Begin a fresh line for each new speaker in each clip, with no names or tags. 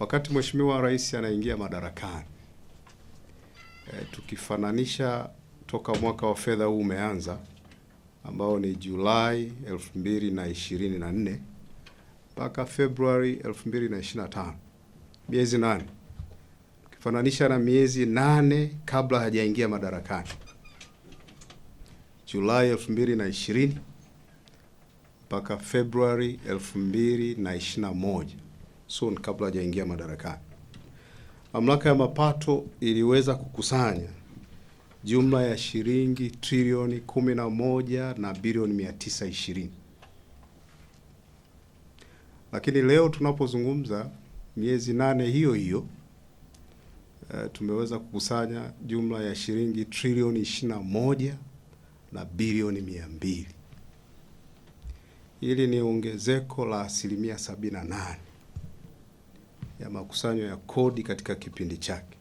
Wakati Mheshimiwa Rais anaingia madarakani e, tukifananisha toka mwaka wa fedha huu umeanza ambao ni Julai 2024 mpaka Februari 2025, miezi nane, tukifananisha na miezi nane kabla hajaingia madarakani, Julai 2020 mpaka Februari 2021 soon kabla hajaingia madarakani. Mamlaka ya mapato iliweza kukusanya jumla ya shilingi trilioni 11 na bilioni 920. Lakini leo tunapozungumza, miezi nane hiyo hiyo uh, tumeweza kukusanya jumla ya shilingi trilioni 21 na bilioni 200. Hili ni ongezeko la asilimia 78 ya makusanyo ya kodi katika kipindi chake,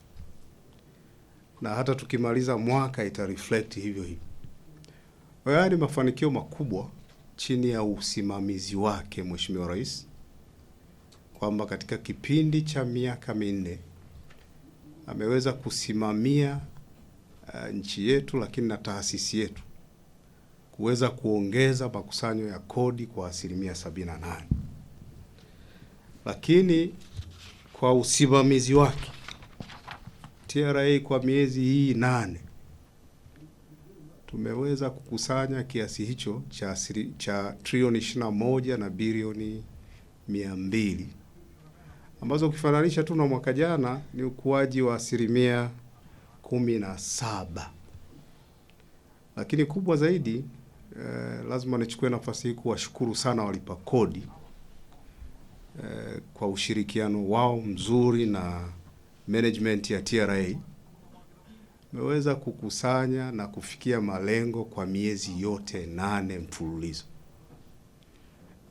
na hata tukimaliza mwaka ita reflect hivyo hivyo. Haya ni mafanikio makubwa chini ya usimamizi wake Mheshimiwa Rais, kwamba katika kipindi cha miaka minne ameweza kusimamia uh, nchi yetu lakini na taasisi yetu kuweza kuongeza makusanyo ya kodi kwa asilimia 78 lakini kwa usimamizi wake TRA kwa miezi hii nane tumeweza kukusanya kiasi hicho cha, siri, cha trilioni na moja na bilioni mia mbili ambazo ukifananisha tu na mwaka jana ni ukuaji wa asilimia kumi saba. Lakini kubwa zaidi eh, lazima nichukue nafasi hii kuwashukuru sana walipa kodi Eh, kwa ushirikiano wao mzuri na management ya TRA imeweza kukusanya na kufikia malengo kwa miezi yote nane mfululizo.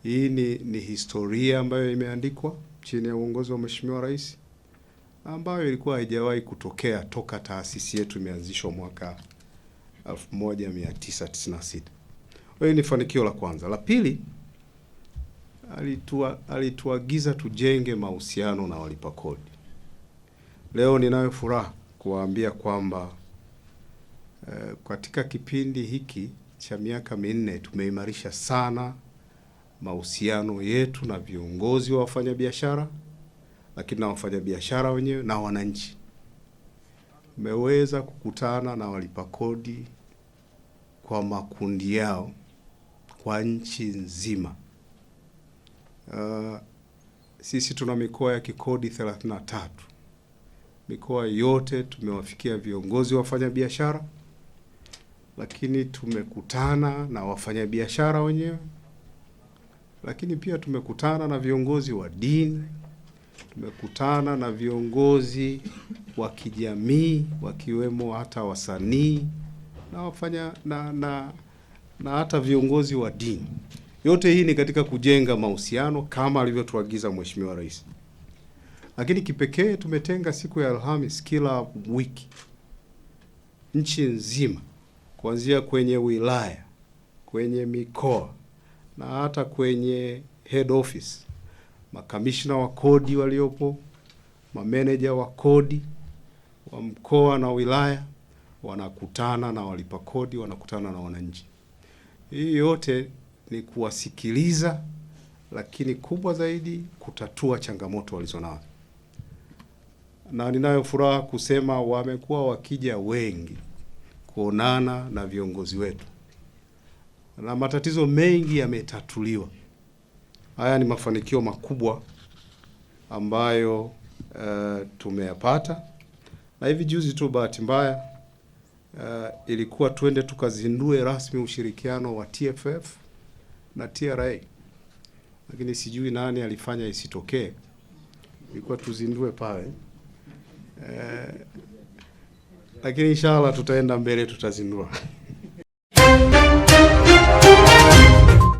Hii ni, ni historia ambayo imeandikwa chini ya uongozi wa Mheshimiwa Rais ambayo ilikuwa haijawahi kutokea toka taasisi yetu imeanzishwa mwaka 1996. Hiyo ni fanikio la kwanza. La pili alitua, alituagiza tujenge mahusiano na walipa kodi. Leo ninayo furaha kuwaambia kwamba eh, katika kipindi hiki cha miaka minne tumeimarisha sana mahusiano yetu na viongozi wa wafanyabiashara, lakini na wafanyabiashara wenyewe na wananchi. Tumeweza kukutana na walipa kodi kwa makundi yao kwa nchi nzima. Uh, sisi tuna mikoa ya kikodi 33. Mikoa yote tumewafikia viongozi wa wafanyabiashara, lakini tumekutana na wafanyabiashara wenyewe, lakini pia tumekutana na viongozi wa dini, tumekutana na viongozi wa kijamii wakiwemo hata wasanii na wafanya na, na, na hata viongozi wa dini. Yote hii ni katika kujenga mahusiano kama alivyotuagiza Mheshimiwa Rais. Lakini kipekee tumetenga siku ya Alhamis kila wiki nchi nzima, kuanzia kwenye wilaya, kwenye mikoa na hata kwenye head office, makamishna wa kodi waliopo, mameneja wa kodi wa mkoa na wilaya wanakutana na walipa kodi, wanakutana na wananchi. Hii yote ni kuwasikiliza, lakini kubwa zaidi kutatua changamoto walizonazo, na ninayo furaha kusema wamekuwa wakija wengi kuonana na viongozi wetu na matatizo mengi yametatuliwa. Haya ni mafanikio makubwa ambayo uh, tumeyapata, na hivi juzi tu bahati mbaya uh, ilikuwa twende tukazindue rasmi ushirikiano wa TFF na TRA, lakini sijui nani alifanya isitokee. Ilikuwa tuzindue pale eh, lakini inshallah tutaenda mbele tutazindua.